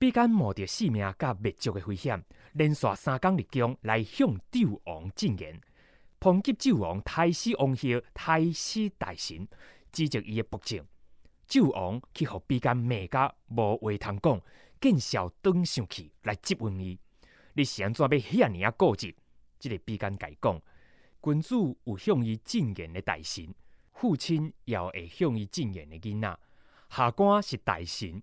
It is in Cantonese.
比干冒着性命甲滅族嘅危險，連續三天日中來向紂王進言，抨擊紂王刣死王兄，刣死大臣，指責伊嘅暴政。紂王去互比干罵甲無話通講，見笑轉上去來質問伊：，你是安怎要遐尼啊固執，即、這個比干家講：，君主有向伊進言的大臣，父親也會向伊進言嘅囡仔，下官是大臣。”